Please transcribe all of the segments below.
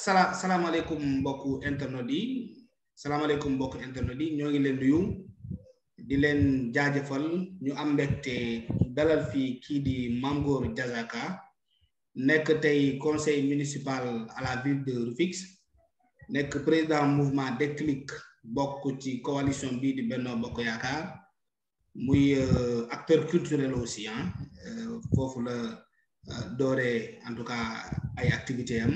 sala salaamaaleykum mbokku internet yi salaamaaleykum mbokku internet yi ñoo ngi leen nuyu di leen jaajëfal ñu am mbégte dalal fii kii di Mame Ngor nekk tey conseil municipal à la ville de Rufisque nekk président mouvement Déclic bokk ci coalition bii di Benno Bokk Yaakaar muy euh, acteur culturel aussi ah foofu la euh, dooree en tout cas ay activité am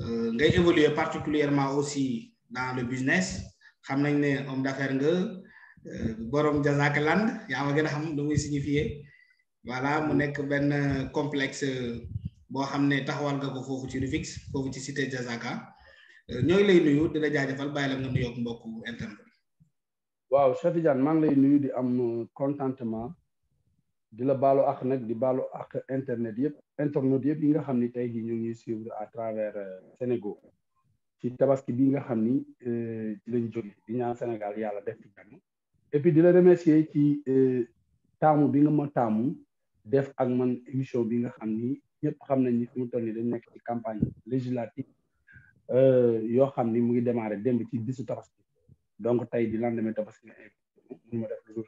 Euh, ngay évoluer particulièrement aussi dans le business xam nañ ne homme d'affaires nga euh, borom Jazaka Land yaa ma gën a xam lu muy signifier voilà mu nekk benn complexe boo xam ne taxawal nga ko foofu ci Rufisque foofu ci cité Jazaka euh, ñooy lay nuyu di la jaajëfal bàyyi la nga nuyoog mbokku internet. waaw Cheikh Tidiane lay nuyu di am contentement. di la baalu ak nag di baalu ak internet yëpp internet yëpp yi nga xam ni tey jii ñu ngi ñuy suivre à travers euh, Sénégal ci tabaski bi nga xam ni euh, ci lañ jóge di ñaan Sénégal yàlla def ci jàmm et di la remercier ci euh, taamu bi nga ma taamu def ak man émission bi nga xam ni ñëpp xam nañ ni fi mu toll dañ nekk ci campagne législative yoo xam ni mu ngi démarré demb ci bisu tabaski donc tey di lendemain tabaski nga invité ma def lu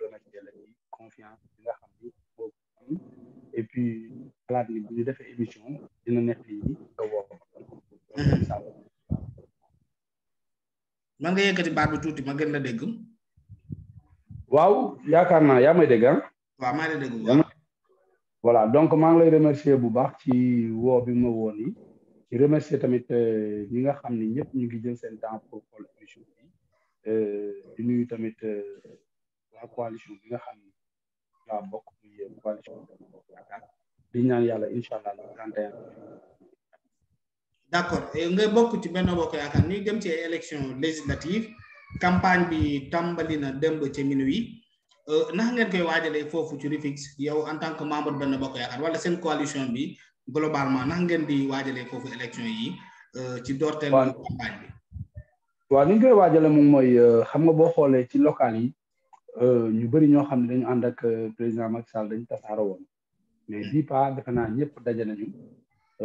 xalaat ni bu ñu defee émission dina nekk lii nga woo man nga yëkkati baat bi tuuti ma gën la dégg waaw yaakaar naa yaa may dégg ah waaw maa dégg voilà donc maa ngi lay remercier bu baax ci woo bi ma woo nii ci remercier tamit euh, ñi nga xam ni ñëpp ñu ngi jël seen temps pour xool émission bi euh, nuyu tamit waa euh, coalition bi nga xam di ñaan yàlla incha allah le 31. d' accord nga bokk ci Benno Bokk Yaakaar ñuy dem ci élection législative campagne bi tàmbali na démb ci minuit euh, ndax ngeen koy waajalee foofu ci Rufisque yow en tant que membre Benno Bokk Yaakaar wala seen coalition bi globalement ndax ngeen di waajalee foofu élection yi euh, ci doorteel campagne bi. waaw ni koy waajale moom mooy euh, xam nga boo xoolee ci local yi ñu bëri ñoo xam ne dañu ànd ak président Macky Sall dañu tasaaroo woon mais bii pas defe naa ñëpp daje nañu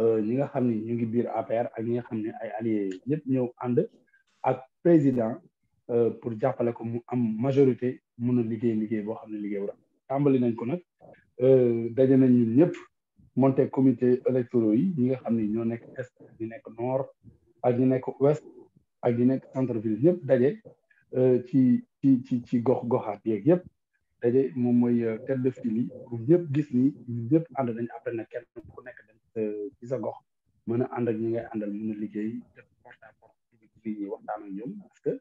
euh, ñi nga xam ne ñu ngi biir APR ak ñi nga xam ne ay alliés ñëpp ñëw ànd ak président euh, pour jàppale ko mu am majorité mun a liggéey liggéey boo xam ne liggéey war tàmbali nañ ko nag euh, daje nañ ñëpp monté comité électoraux yi ñi nga xam ni ñoo nekk est ñi nekk noor ak ñu nekk ouest ak ñi nekk centre ñëpp daje ci ci ci ci gox goxaat yeeg yëpp daje moom mooy euh, tête de file ñëpp gis ni ñun ñëpp ànd nañ après na kenn ku nekk dem ci sa gox mën a ànd ak ñi ngay àndal mën a liggéey def porte à porte fii ñuy waxtaan que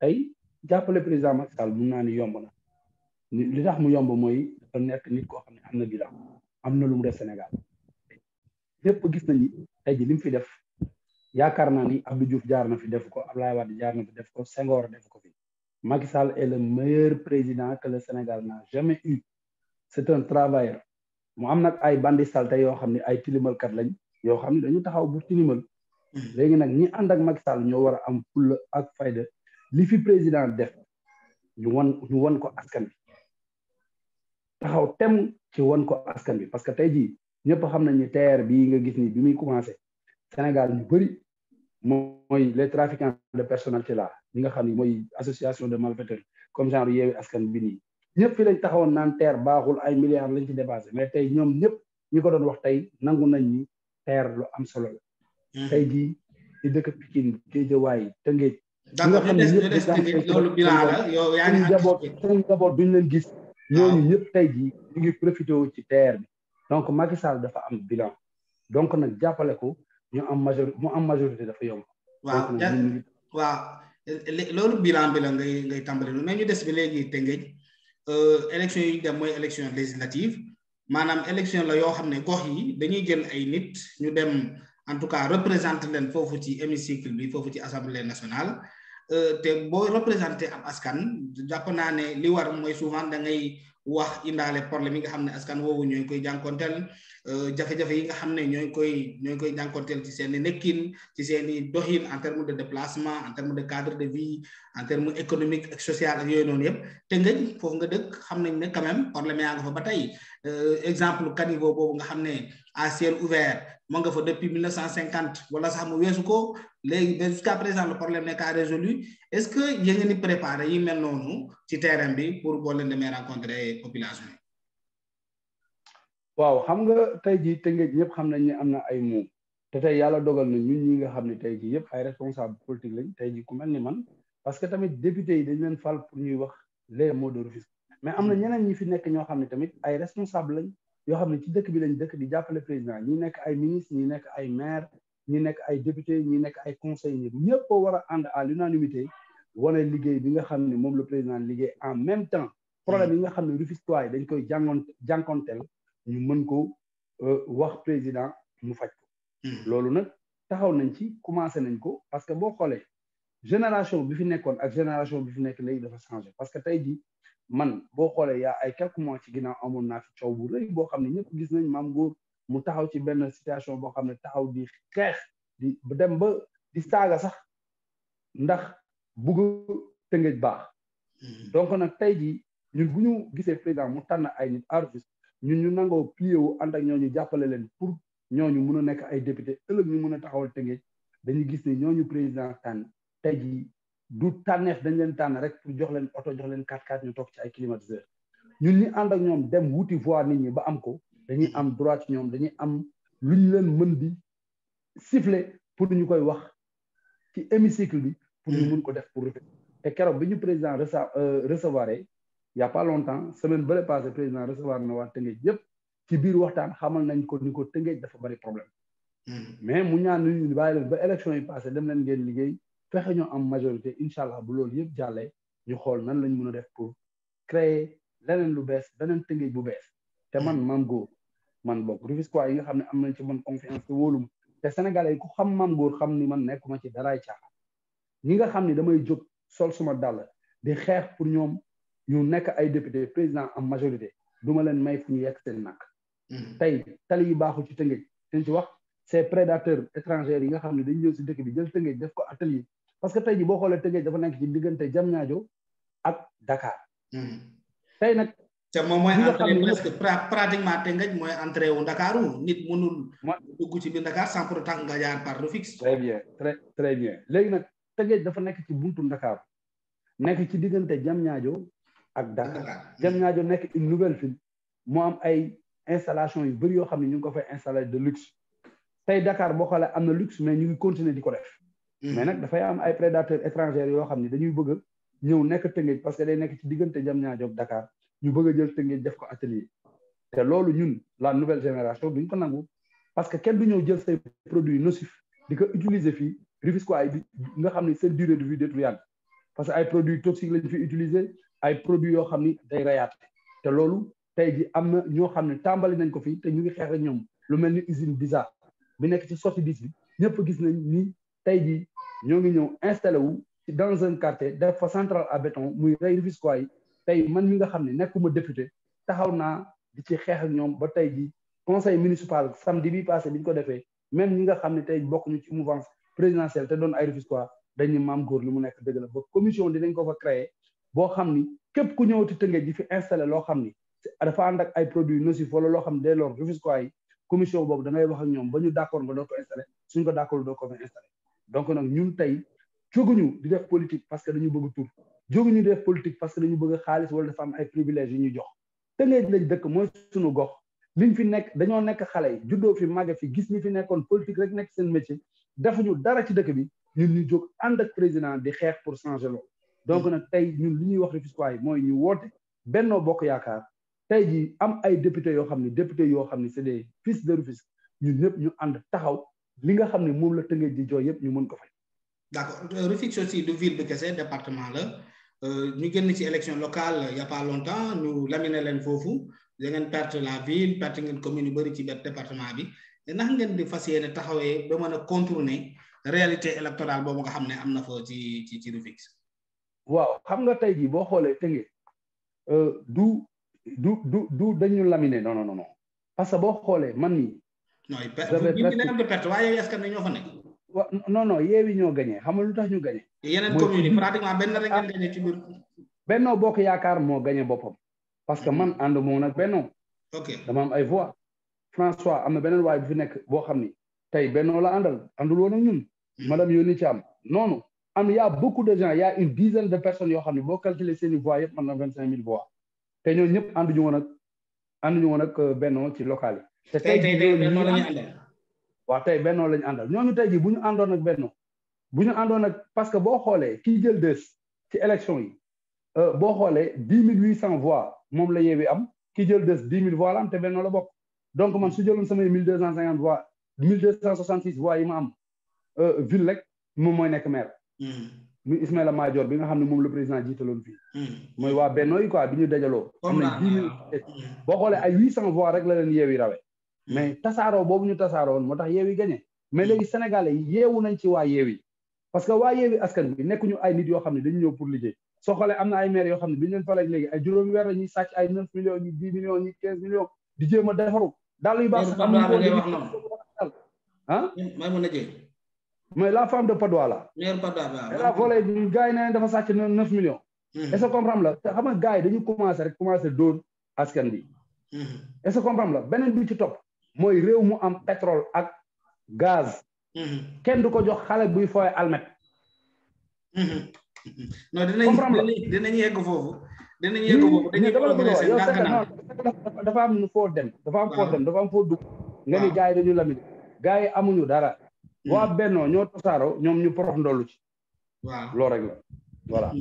tey jàppale président Macky Sall naa ni yomb na li tax mu yomb mooy dafa nekk nit koo xam ne am na bilan am na lu mu def Sénégal ñëpp gis nañ te tey ji li mu fi def yaakaar naa ni Abdou Diouf jaar na fi def ko Abdoulaye Wade jaar na fi def ko Senghor def ko fi Macky Sall est le meilleur président que le Sénégal n'a jamais eu c'est un travailleur moo am nag ay bandi salte yoo xam ne ay tilimalkat lañ yoo xam ne dañu taxaw bu tilimal hmm. léegi nag ñi ànd ak Macky Sall ñoo war a am fulla ak fayda li fi président def ñu won ñu wan ko askan bi taxaw tem ci wan ko askan bi parce que tey jii ñëpp xam nañu ni TER bii nga gis ni bi muy commencé Sénégal ñu bëri mooy les trafiquants de personnalité là li nga xam ne mooy association de malfaiteurs comme genre yeewi askan bi nii ñëpp fi lañ taxawoon naan TER baaxul ay milliards lañ ci dépassé mais tey ñoom ñëpp ñi ko doon wax tey nangu nañ ni TER lu am solo hmm. tey jii di dëkk Pikine Géejawaay Tëngéej. d' accord ñu des ñu des tamit loolu bilan la yow yaa ngi. leen gis. Ah. ñooñu ñëpp tey jii ñu ngi profité wu ci TER bi. donc Macky dafa am bilan donc nag jàppale ko ñu am major mu am majorité dafa yomb. waaw. loolu bilan bi la ngay ngay tàmbali mais ñu des bi léegi Tëngéej euh, élection yi dem mooy élection législative maanaam élection la yoo xam ne gox yi dañuy jël ay nit ñu dem en tout cas représenter leen foofu ci hémicycle bi foofu ci assemblée nationale euh, te boo représenté ab askan jàpp naa ne li war mooy souvent da ngay wax indaale problème yi nga xam ne askan woowu ñooy koy jànkonteel euh, jafe-jafe yi nga xam ne ñooy koy ñooy koy jànkonteel ci seen i nekkin ci seen i doxin en terme de déplacement en terme de cadre de vie en terme économique ak ak yooyu noonu yëpp te nga foofu nga dëkk xam nañ ne quand même problème yaa nga fa ba tey euh, exemple caniveau boobu nga xam ne à ciel ouvert moo nga fa depuis cinquante wala sax mu weesu ko léegi ba jusqu'à présent le problème n'est pas résolu est-ce que yéen a ngi préparé yi mel noonu ci terrain bi pour boo leen demee rencontrer population waaw xam nga tey jii Tëngéej ñëpp xam nañ ne am na ay moom te tey yàlla dogal na ñu ñi nga xam ne tey jii yëpp ay responsable politique lañ tey jii ku mel ni man parce que tamit député yi dañ leen fal pour ñuy wax les mots de Rufisque mais am na ñeneen ñi fi nekk ñoo xam ne tamit ay responsable lañ yoo xam ne ci dëkk bi lañ dëkk di jàppale président ñi nekk ay ministre ñi nekk ay maire ñi nekk ay député ñi nekk ay conseillers ñëpp war a ànd à l'unanimité wane liggéey bi nga xam ne moom la président liggéey en même temps problème bi nga xam ne Rufisquois yi dañ koy jàngoon jànkonteel ñu mën ko euh, wax président mu faj ko hmm. loolu nag taxaw nañ ci commencé nañ ko parce que boo xoolee génération bi fi nekkoon ak génération bi fi nekk léegi dafa changé parce que tey jii man boo xoolee yaa ay quelques mois ci ginnaaw amoon naa fi coow bu rëy boo xam ne ñëpp gis nañ maam góor mu taxaw ci benn situation boo xam ne taxaw di xeex di dem ba di saaga sax ndax bugg tëngëj baax hmm. donc nag tey jii ñun ñu gisee président mu tànn ay nit arrofis ñu nangoo plié wu ànd ak ñooñu jàppale leen pour ñooñu mun a nekk ay député ëllëg ñu mun a taxawal tëngëj dañuy gis ne ñooñu président tànn tey jii du tànneef dañ leen tànn rek pour jox leen oto jox leen 4 x ñu toog ci ay climatiseur ñun ñu ànd ak ñoom dem wuti voir nit ñi ba am ko dañuy am droit ci ñoom dañuy am lu ñu leen mën bi siffler pour ñu koy wax ci hémicycle bi pour ñu mun ko def pour refé te keroog bi ñu président euh, recevoir y a pas longtemps semaine bële passé président recevoir na waa Tëngéej yëpp ci biir waxtaan xamal nañ ko ni ko Tëngéej dafa bari problème hmm. mais mu ñaan ñu bàyyi leen ba élection yi passé dem leen ngeen liggéey fexe ñoo am majorité incha allah bu loolu yëpp jàllee ñu xool nan lañ mën a def pour créer leneen lu bees beneen Tëngéej bu bees te man hmm. maam man bokk Rufisquois yi nga xam ne am nañ ci man confiance te wóolum te sénégalais yi ku xam maam góor xam ni man ma ci daraay caaxaan ñi nga xam ne damay jóg sol suma dàll di xeex pour ñoom ñu nekk ay député président am majorité duma leen may fu ñu yekk seen nak mm-hmm. tey tali yi baaxul ci tëngëj dañ ci wax ces prédateurs étrangers yi nga xam ne dañ ñëw si dëkk bi jël tëngëj def ko atelier parce que tey ji boo xoolee tëngëj dafa nekk ci diggante Diamniadio ak Dakar mm-hmm. te moom mooy entrée presque pratiquement Tëngéej mooy entrée wu Ndakaaru nit mënul dugg ci biir Ndakaar sans pour autant nga jaar par le fixe. très bien très très bien léegi nag Tëngéej dafa nekk ci buntu ndakaar nekk ci diggante jam ñaajo ak Dakar Diamniadio nekk une nouvelle ville moo am ay installation yu bëri yoo xam ne ñu ngi ko fay installé de luxe tey Dakar boo xoolee am na luxe mais ñu ngi continuer di ko def mm-hmm. mais nag dafay am ay prédateurs étrangers yoo xam ne dañuy bëgg a ñëw nekk Tëngéej parce que day nekk ci diggante jam ak dakaar ñu bëgg a jël Tëngéej def ko atelier te loolu ñun la nouvelle génération duñ ko nangu parce que kenn du ñëw jël say produits nocifs di ko utiliser fi Rufisque ay nga xam ne seen durée de vie détruite parce que ay produit toxiques lañ fi utiliser ay produit yoo xam ni day reyaat te loolu tey ji am na ñoo xam ne tàmbali nañ ko fii te ñu ngi xeex ak ñoom lu mel ni usine Biza bi nekk ci sortie bis bi ñëpp gis nañ ni tey ji ñoo ngi ñëw installé wu dans un quartier def fa centrale à muy rey Rufisque yi tey man mi nga xam ne nekkuma député taxaw naa di ci xeex ñoom ba tey ji conseil municipal samedi bi passé bi ko defee même ñi nga xam ne tey bokk ñu ci mouvance présidentielle te doon ay Rufisquois dañu maam góor ku ñëwati Tëngéej ji fi installé loo xam ni dafa ànd ak ay produits nocifs wala loo xam ne dès lors Rufisquois yi da ngay di def politique parce dañu bëgg tur jógu ñu def politique parce que dañu bëgg xaalis wala dafa am ay privilèges yu ñu jox te léegi dëkk mooy suñu gox liñ fi nekk dañoo nekk xale yi juddoo fi màgg fi gis ñu fi nekkoon politique rek nekk seen métier defuñu dara ci dëkk bi ñun ñu jóg ànd ak président di xeex pour changer loolu donc nag tey ñun li ñuy wax Rufisquois yi mooy ñu woote Benno Bokk Yaakaar tey jii am ay député yoo xam ne député yoo xam ne c'est des fils de Rufisque ñu ñëpp ñu ànd taxaw li nga xam ne moom la Tëngéej di jooy yëpp ñu mën ko fay d'accord Rufisque la Euh, ñu génn ci élection locale y a pas longtemps ñu laminé leen foofu da ngeen perte la ville perte ngeen commune yu bëri ci benn département bi nax ngeen di fas yéene taxawee ba mën a contourner réalité électorale boobu nga xam ne am na fa ci ci ci Rufisque waaw xam nga tey jii boo xoolee tëngee euh, du du du du dañu laminé non non non parce que boo xoolee man nii. non perte ñi perte waaye askan wi ñoo wa non ñoo gañee xam nga lu tax ñu gañee. yeneen commune yi ah, benn Benno Bokk Yaakaar moo gañe boppam parce que mm-hmm. man ànd moom nag Benno. ok dama am ay voix. François am na beneen waay fi nekk boo xam ni tey Benno la àndal àndul woon ak ñun. Mm-hmm. madame Yoni Thiam noonu. am y' a beaucoup de gens ya a une dizaine de personnes yoo xam ne boo calculer seen i voix yëpp man na vingt cinq mille voix te ñooñu ñëpp ànduñu woon ak ànduñu woon ak euh, Benno ci local waa tey bennoo la ñu àndal ñooñu tey jii bu ñu àndoon ak benno bu ñu àndoon ak parce que boo xoolee kii jël des ci élection yi euh, boo xoolee dix mille huit cent voix moom la yeewi am kii jël des dix mille voix la am te benno la bokk donc man su jëloon samay mille deux cent cinquante voix mille deux cent soixante six voix yi ma am euh, ville rek moom mooy nekk maire hmm. muy Ismaïla Madior bi nga xam ne moom le président jiitaloon fi hmm. mooy waa benno yi quoi bi ñu dajaloo am boo xoolee ay huit cent voix rek la leen yeewi rawe mais mm. tasaaroo boobu ñu tasaaroo woon moo tax yeewi gagné mais mm. léegi sénégalais yi yeewu nañ ci waa yeewi parce que waa yeewi askan bi nekkuñu ay nit yoo xam ne dañu ñëw pour liggéey soo xoolee am na ay maire yoo xam ne bi ñu leen faleeg léegi ay juróomi weer la ñuy sàcc a defaru daal yu baax sax am ah? mais la femme de Padois là la volé gars yi ne dafa sàcc na neuf millions mm. est-ce que comprendre la xam nga gars yi dañu commencé rek commencé dóor askan bi est-ce que la beneen bi ci topp mooy réew mu am pétrole ak gaz. Mm-hmm. kenn du ko jox xale guy fooy almet. Mm-hmm. Mm-hmm. non dinañ dinañ yegg foofu. dinañ yegg foofu dañuy dafa am foo dafa am foo dem dafa am foo ah. dugg. nga ni ah. gars dañu lamit gars yi amuñu dara. Mm. waa bennoo ñoo tasaaroo ñoom ñu porox ndollu ci. waaw loolu rek la voilà. Mm.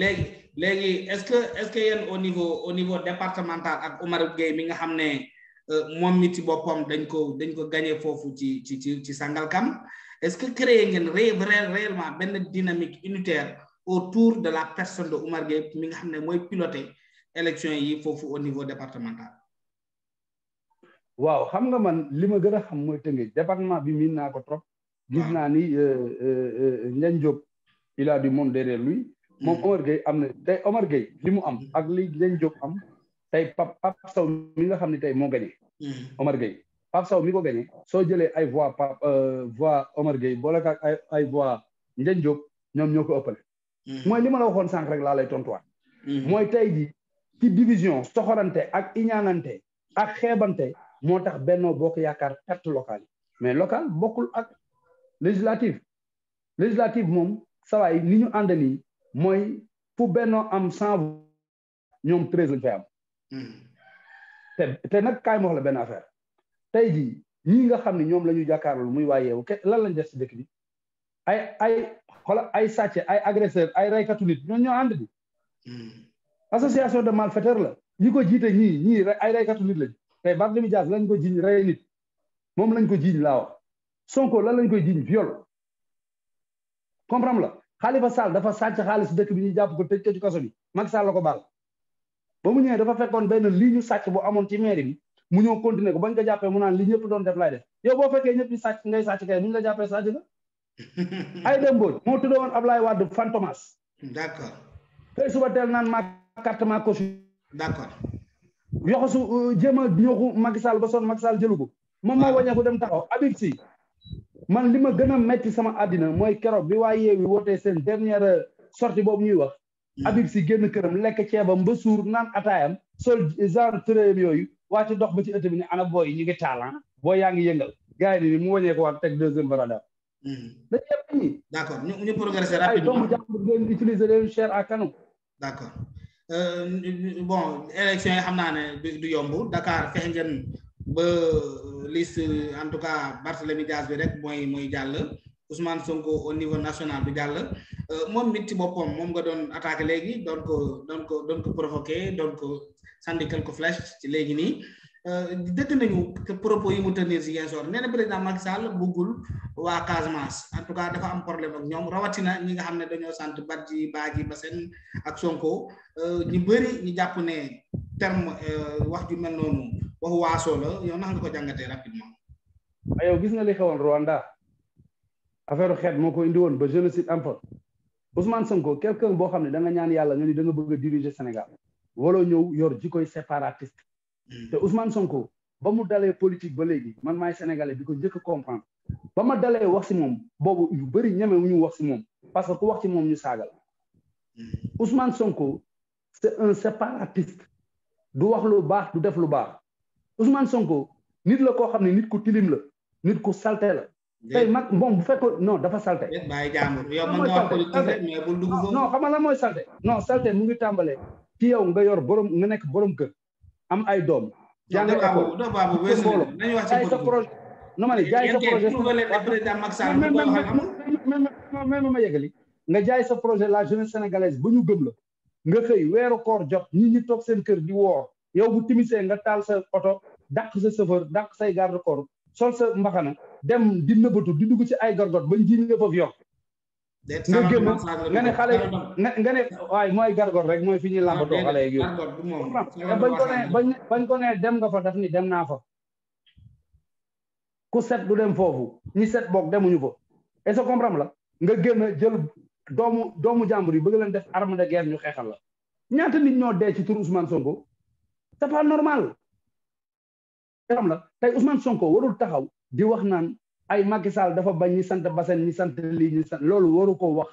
léegi léegi est-ce que est-ce au niveau au niveau départemental ak Omar Gueye mi nga xam ne. Euh, moom mi ci boppam dañ ko dañ ko gagné foofu ci ci ci ci Sangalkam est-ce que créé ngeen réellement benn dynamique unitaire autour de la personne de Oumar Gueye mi nga xam ne mooy piloté élection yi foofu au niveau départemental. waaw xam nga man li ma gën a xam mooy Tëngéej département bi miin naa ko trop. gis naa ni euh, euh, Ndiagne Diop il a du monde derrière lui. moom hmm. Omar am na tey Omar Gueye li mu am ak li Ndiagne Diop am. tey Pape Pape Sow mi nga xam ne tey moo gagné. Mm-hmm. Omar Gueye Pape Sow mi ko gagné soo jëlee ay voix Pape euh, voix Omar Gueye boole ak ay ay voix Ndiagne ñoom ñoo ko ëppale. Mm-hmm. mooy li ma la waxoon sànq rek laa lay tontuwaat. Mm-hmm. mooy tey ji ci division soxorante ak iñaanante ak xeebante moo tax Benno Bokk Yaakaar perte locale yi mais local bokkul ak législative législative moom saway ni ñu ànd mooy fu Benno am cent ñoom treize am. Hmm. te te nag kaay ma benn affaire tey jii ñii nga xam ne ñoom la ñu jàkkaarloo muy waa yeewu ke lan lañ def si dëkk bi ay ay xola ay sàcce ay agresseur ay raykatu nit ñoo ñoo ànd bi hmm. association de malfaiteurs la ñi ko jiite ñii ñii ay raykatu nit lañ tey Barthélémy lañ ko jiiñ rey nit moom lañ ko jiiñ law wax Sonko lan lañ koy jiiñ viol comprendre la Khalifa Sall dafa sàcc xaalis dëkk bi ñuy jàpp ko tëj ko ci kaso bi la ko bal ba mu ñëwee dafa fekkoon benn li ñu sàcc bu amoon ci mairie bi mu ñëw continuer ko bañ ko jàppee mu naan li ñëpp doon def lay def yow boo fekkee ñëpp di sàcc ngay sàcc kay bu ñu la jàppee sàcc nga Aïda Mbodj moo tuddoon Ablaye Wade Fantomas d'accord suba teel naan ma carte ma caution d'accord yoxosu euh, jéem a ñooxu Macky Sall ba sonn Macky jëlu ko moom moo ah. wàññeeku dem taxaw Habib Sy man li ma gën a metti sama àddina mooy keroog bi waa Yewwi wootee seen dernière euh, sortie boobu ñuy wax Habib si génn këram lekk ceebam ba suur naan ataayam sol genre tëréem yooyu wàcc dox ba ci ëtt bi ne ana booy ñu ngi taalan ah? boo yaa ngi yëngal gars yi ni mu wàññee ko waat teg deuxième barada dañ yëpp ñi d'accord ñu ñu progresser rapidement ay doomu jàmbur ngeen utiliser leen cher à canon d'accord euh, bon élection yi xam naa ne du yomb Dakar fexe ngeen ba liste en tout cas Barthélémy Dias bi rek mooy mooy jàll Ousmane Sonko au niveau national bi jàll Euh, moom nit ci boppam moom nga doon attaque léegi doon ko doon ko doon ko provoqué doon ko sànni quelque flash ci léegi nii euh, dëgg nañu propos yi mu tenir si Ziguinchor nee na président Macky Sall buggul waa Casamance en tout dafa am problème ak ñoom rawatina ñi nga xam ne dañoo sant Badji Badji Bassène ak Sonko euh, ñu bëri ñu jàpp ne terme wax ju mel noonu waxu la yow nax nga ko jàngatee rapidement. Ah, yow gis na li xewoon Rwanda affaire xeet moo ko indi woon ba génocide am fa Ousmane Sonko quelqu'un boo xam ne da ñaan yàlla nga ni da nga bëgg a diriger Sénégal waloo ñëw yor jikoy séparatiste hmm. te Ousmane Sonko ba mu dalee politique ba léegi man maay sénégalais bi ko njëkk a ba ma dalee wax si moom boobu yu bëri ñeme wu ñu wax si moom parce que ku wax ci moom ñu saagal hmm. Ousmane Sonko c'est un séparatiste du wax lu baax du def lu baax Ousmane Sonko nit la koo xam ne nit ku tilim la nit ku salte la tey mag moom bu fekkoon non dafa salte bàyyi jaamur yow man nga wax politique rek mais bul dugg foofu non mooy salte non salte mu ngi tàmbalee ci yow nga yor borom nga nekk borom kër am ay doom jàng école jaay sa projet non ma ne jaay sa projet même ma yëgali nga jaay sa projet la jeunesse sénégalaise ba ñu gëm la nga xëy weeru koor jot ñi ñi toog seen kër di woor yow bu timisee nga taal sa oto daq sa chauffeur dàq say garde corps sol sa mbaxana dem di nëbbatu di dugg ci ay gorgot bañ jiñ nga foofu yokk nga génn nga ne nga ne waaye mooy gargot rek mooy fi ñuy làmbatoo xale yeeg yooyu bañ ko ne bañ ko ne dem nga fa daf ni dem naa fa ku set du dem foofu ñi set boog demuñu fa est-ce la nga génn jël doomu doomu jàmbur yi bëgg leen def arme de guerre ñu xeexal la ñaata nit ñoo dee ci tur Ousmane Sonko pas normal xam la tey Ousmane Sonko warul taxaw di wax naan ay Macky Sall dafa bañ ñi sant Bassène ñi sant lii ñi sant loolu waru ko wax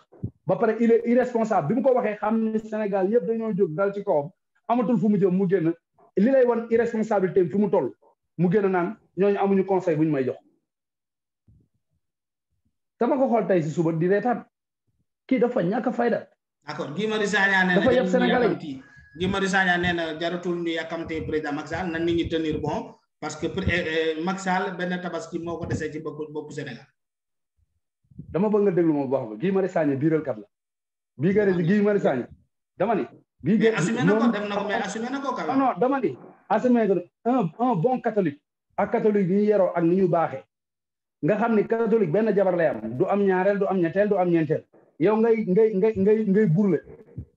ba pare il est irresponsable bi mu ko waxee xam ni Sénégal yëpp dañoo jóg dal ci kawam amatul fu mu jëm mu génn li lay wan te fu mu toll mu génn naan ñooñu amuñu conseil bu ñu may jox dama ko xool tey si suba di reetaan kii dafa ñàkk a fayda d'accord Guy Marius Sagna nee na dafa yëpp Sénégalais yi Guy Marius Sagna nee na jaratul ñu yàkkamte président Macky Sall nan nit ñi tenir parce que eh, eh, Macky Sall benn tabaski moo ko desee ci bokku bokku Sénégal. dama bëgg nga déglu ma bu baax ba Guy Marius Sagna biiralkat la. bii nga ne Guy Marius Sagna dama bii nga def na ko bon catholique. ak catholique yi ñu yeroo ak ni ñu baaxee. nga xam ni catholique benn jabar lay am du am ñaareel du am ñetteel du am ñeenteel. yow ngay ngay ngay ngay ngay burle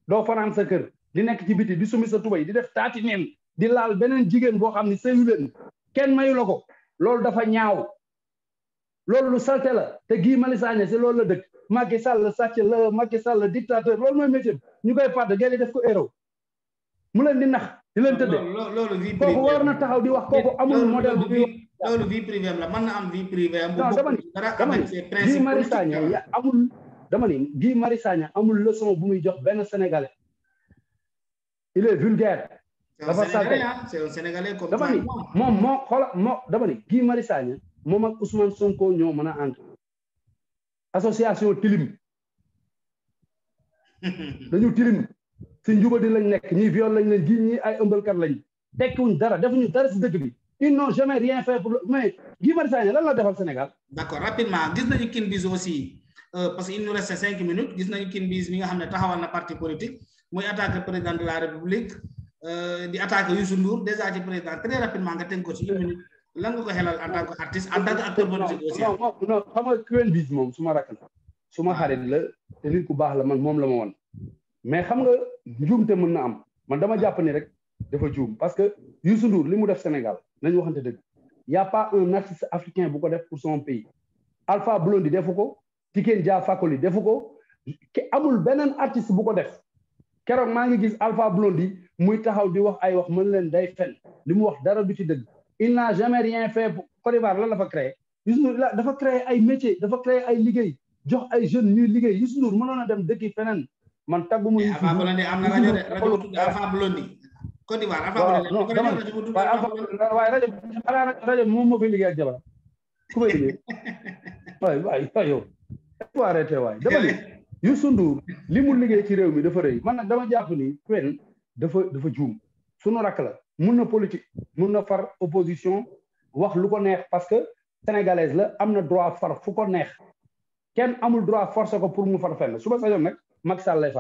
doo fanaan sa kër di nekk ci biti di sumi sa tubay di def taati neen di laal beneen jigéen boo xam ne sëyu kenn mayu la ko loolu dafa ñaaw loolu lu salte la te gii Marius Sagna si loolu la dëkk Macky Sall sàcc la maggi Sall dictateur loolu mooy métier ñu koy pàdd gën def ko héros mu leen di nax di leen tëdde kooku war na taxaw di wax kooku amul modèle bi loolu vie privée la mën na am vie privée non dama ni dama ni Guy Marius Sagna ya amul dama ni gii Marius Sagna amul leçon bu muy jox benn sénégalais il est vulgaire dafa sàggan ah. dama ni moom moo xoola moo dama ni Guy Marius moom ak Ousmane Sonko ñoo mën a entre association tilim dañu tilim si njubadi lañ nekk ñi viol lañ leen gi ñi ay ëmbalkat lañ tekkiwuñ dara defuñu dara si dëkk bi ils n'ont jamais rien fait pour mais Guy Marius Sagna lan la defal Sénégal d'accord rapidement gis nañu kin bis aussi euh, parce que il nous reste cinq minutes gis nañu kin bis mi nga xam ne taxawal na parti politique muy attaque président de la Euh, di attaqué Youssou Ndour déjà ci président très rapidement nga tënk ko ci une minute lan nga ko xelal en tant que artiste en tant que acteur politique aussi. non non xam nga Queen Biz moom su ma rakk la xarit la te nit ku baax la man moom la ma wan mais xam nga te mën na am man dama jàpp rek dafa juum parce que Youssou Ndour li mu def Sénégal nañu waxante dëgg y' a pas un artiste africain bu ko def pour son pays Alpha Blondy defu ko Tiken Jah Fakoly defu ko amul beneen artiste bu ko def. keroog maa ngi gis Alpha Blondy muy taxaw di wax ay wax mën leen day fen li mu wax dara du ci dëgg il n'a jamais rien fait Côte d'Ivoire lan la fa créé Youssou Ndour la dafa créé ay métier dafa créé ay liggéey jox ay jeunes ñuy liggéey Youssou Ndour mënoon a dem dëkki feneen man taggu mu Youssou Ndour am na rajo de Alpha Blondy Côte d'Ivoire Alpha Blondy waaye Alpha waaye rajo ala rajo moom moo fi liggéey ak jabar ku fay liggéey waay waay waay yow arrêté waay dama ni Youssou Ndour li mu liggéey ci réew mi dafa rëy man nag dama jàpp ni pen dafa dafa juum sunu rakk la mun na politique mun na far opposition wax lu ko neex parce que sénégalaise la am na droit far fu ko neex kenn amul droit force ko pour mu far fenn suba sañoon nag Macky Sall lay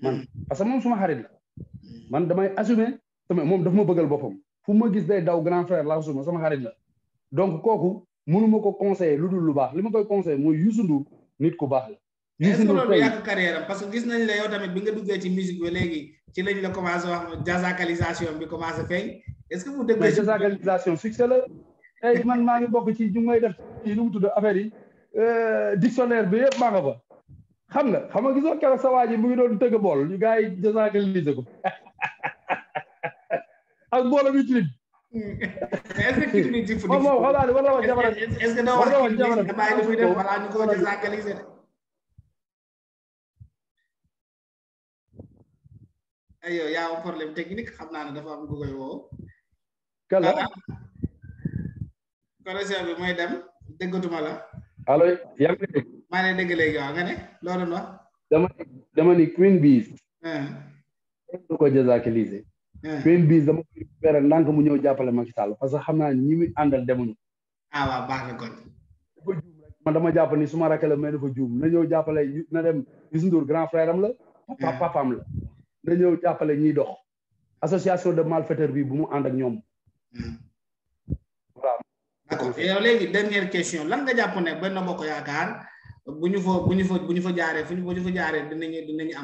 man parce que moom suma xarit la man damay assumer sama moom dafa ma bëggal boppam fu ma gis day daw grand frère la assumer sama xarit la donc kooku mënuma ko conseiller lu dul lu baax li ma koy conseiller mooy Youssou Ndour ku baax Youssou Ndour parce que gis nañ la yow tamit bi nga duggee ci musique bi léegi ci lañ la commencé wax jazakalisation bi commencé feeñ est-ce que bu dëggee. mais jazakalisation la tey man maa ngi bokk ci ñu may def ci lu mu tudd affaire yi euh, dictionnaire bi yëpp maa nga fa xam nga xam na gisoo keroog sa waa ji mu ngi doon tëgg bool yu gars yi jazakalise ko ak boolam yu tilim est-ce que kii bi di moom moom xam naa ne war na wax jabaram war na yow yaa am technique xam naa ne dafa am ku koy woo. kala connexion bi mooy dem déggatuma la. allo yaa ngi dégg. maa ngi dégg nga ne loolu noonu. dama ni dama ni Queen Bees. Ah. du ko jazakaliser. Ah. Queen Bees dama koy fexe ndànk mu ñëw jàppale Macky Sall parce que xam naa ñi muy àndal demuñu. ah waaw baax na kon. dama jàpp ni suma rakk la mais dafa juum na ñëw jàppale na dem Youssou grand frère la. papaam ah. la. na ñëw jàppale ñiy dox association de malfaiteurs bi bu mu ànd ak ñoom. Hmm. waaw. d'accord yow léegi dernière question lan nga jàpp ne benn bokk yaakaar bu ñu fa bu ñu bu ñu fa jaaree fu ñu bu ñu fa jaaree dinañu dinañu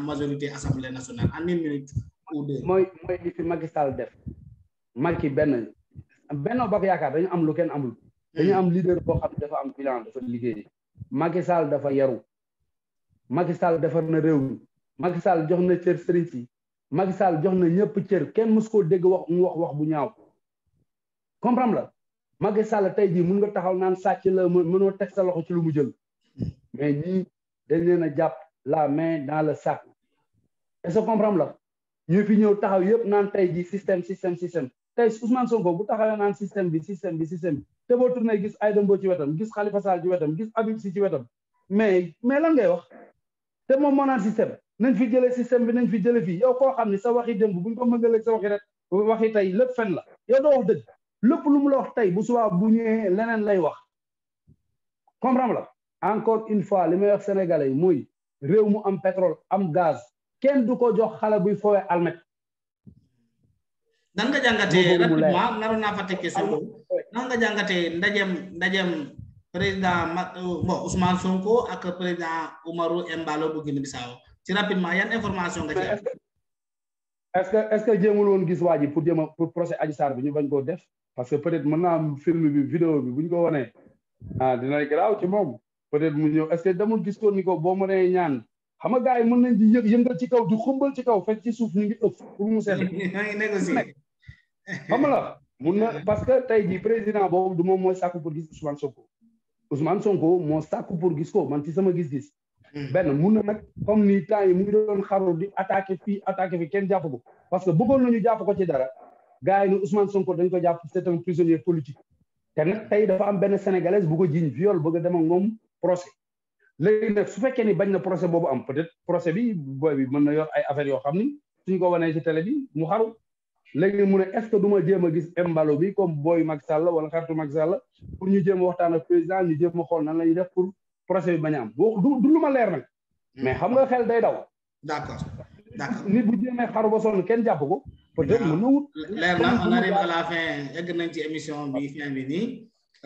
mooy mooy Sall def. Macky benn benn bokk yaakaar dañu am lu kenn amul. dañu hmm. am leader boo xam ne dafa am bilan dafa liggéey. Macky dafa yaru Macky Sall defar na réew mi Macky Sall jox na cër sëriñ si Macky Sall jox na ñëpp cër kenn mës koo dégg wax mu wax wax bu ñaaw comprendre la Macky Sall tey jii mun nga taxaw naan sàcc la mën mënoo teg sa loxo ci lu mu jël mais ñii dañ leen a jàpp la mais dans le sac est-ce la ñu fi ñëw taxaw yëpp naan tey jii système système système tey Ousmane Sonko bu taxawee naan système bi système bi système bi te boo tourné gis Aïda Mbodj ci wetam gis Khalifa saal ci wetam gis Habib Sy ci wetam mais mais lan ngay wax te moom moo naan système nañ fi jëlee système bi nañ fi jëlee fii yow koo xam ne sa waxi démb buñ ko mëngalee sa waxi rek waxi tey lépp fen la yow doo wax dëgg lépp lu mu la wax tey bu subaa bu ñëwee leneen lay wax comprendre la encore une fois li may wax sénégalais yi mooy réew mu am pétrole am gaz kenn du ko jox xale buy fowe almet nan nga jàngatee rapidement naroon naa fa président euh, bon Ousmane Sonko ak président Umaru Embalo bu Guinée Bissau ci rapidement yan information nga ci am. est-ce que est-ce que woon gis waa ji pour jéem a pour procès Adji Sarr bi ñu bañ koo def parce que peut-être mën naa am film bi vidéo bi bu ñu ko wanee ah dina garaaw ci moom peut-être mu ñëw est-ce gis ko ni ko boo mënee ñaan xam nga gars yi mën nañ di yëg yëngal ci kaw di xumbal ci kaw fekk ci suuf ñu ngi ëpp pour mu seet. xam nga la na parce que tey jii président boobu du moom mooy sàkku pour gis Ousmane Sonko Ousmane Sonko moo sàkku pour gis ko man ci sama gis-gis. Mm. benn mun na nag comme ni temps yi mu ngi doon xaru di attaqué fii attaqué fii kenn jàpp ko parce que bëggoon nañu jàpp ko ci dara gars yi ne Ousmane Sonko dañ ko jàpp c'est un prisonnier politique te nag tey dafa am benn sénégalaise bu ko jiiñ viol bëgg a dem ak moom procès léegi nag su fekkee ni bañ na procès boobu am peut-être procès bi booy bi mën na yor ay affaire yoo xam ni suñ ko wanee ci télé bi mu xaru léegi mu ne est-ce que duma ma a gis Embalo bi comme booy Macky Sall wala xaritu Macky Sall pour ñu jéem a waxtaan président ñu jéem a xool nan la ñuy procès bi bañ a am boo du lu ma leer na hmm. mais xam nga xel day daw. d'accord d'accord nit bu jéemee xaru ba sonn kenn jàpp ko. peut-être ma na wut. leer la fin egg nañ ci émission bi ah. fin bi nii.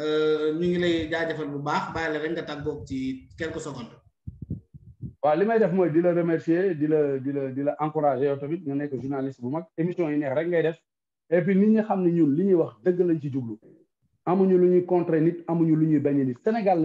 Euh, ñu ngi lay jaajëfal bu baax bàyyi la rek nga tàggoog ci quelques secondes. waaw li may def mooy di la remercier di la di la di la encourager yow tamit nga nekk journaliste bu mag émission yi neex rek ngay def. et nit ñi xam ne ñun li ñuy wax dëgg lañ ci jublu. amuñu lu ñuy contrer nit amuñu lu ñuy bañ Sénégal